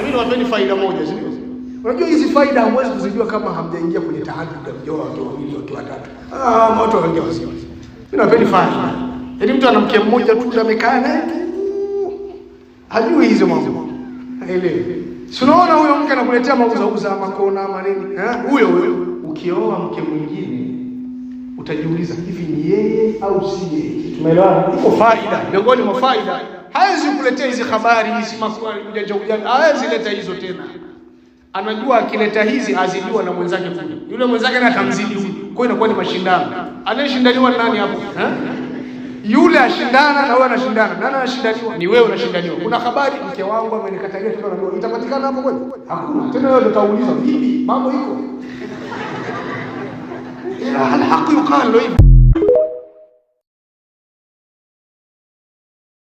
Mimi niwaambeni faida moja, si ndio? Unajua hizi faida huwezi kuzijua kama hamjaingia kwenye tahadhari ya mjoa wa watu wawili watu watatu. Ah, moto wengine wasio. Mimi niwaambeni faida. Yaani mtu ana mke mmoja tu ndio amekaa naye Hajui hizo mambo. Haelewi. Si unaona huyo mke anakuletea mauzo uza makona ama nini? Eh? Huyo huyo ukioa mke mwingine utajiuliza hivi ni yeye au si yeye? Tumeelewana? Iko faida miongoni mwa faida hawezi kuletea hizi habari hizi maswali ujanja ujanja, hawezi leta hizo tena. Anajua akileta hizi azijua na mwenzake kule, yule mwenzake na atamzidi huyu, kwa inakuwa ni mashindano. Anayeshindaniwa nani hapo ha? Yule ashindana na wewe anashindana, nani anashindaniwa? Ni wewe unashindaniwa. Kuna habari, mke wangu amenikatalia tendo la itapatikana hapo kweli? Hakuna tena. Wewe ndio utauliza vipi, mambo iko ila alhaqu yuqalu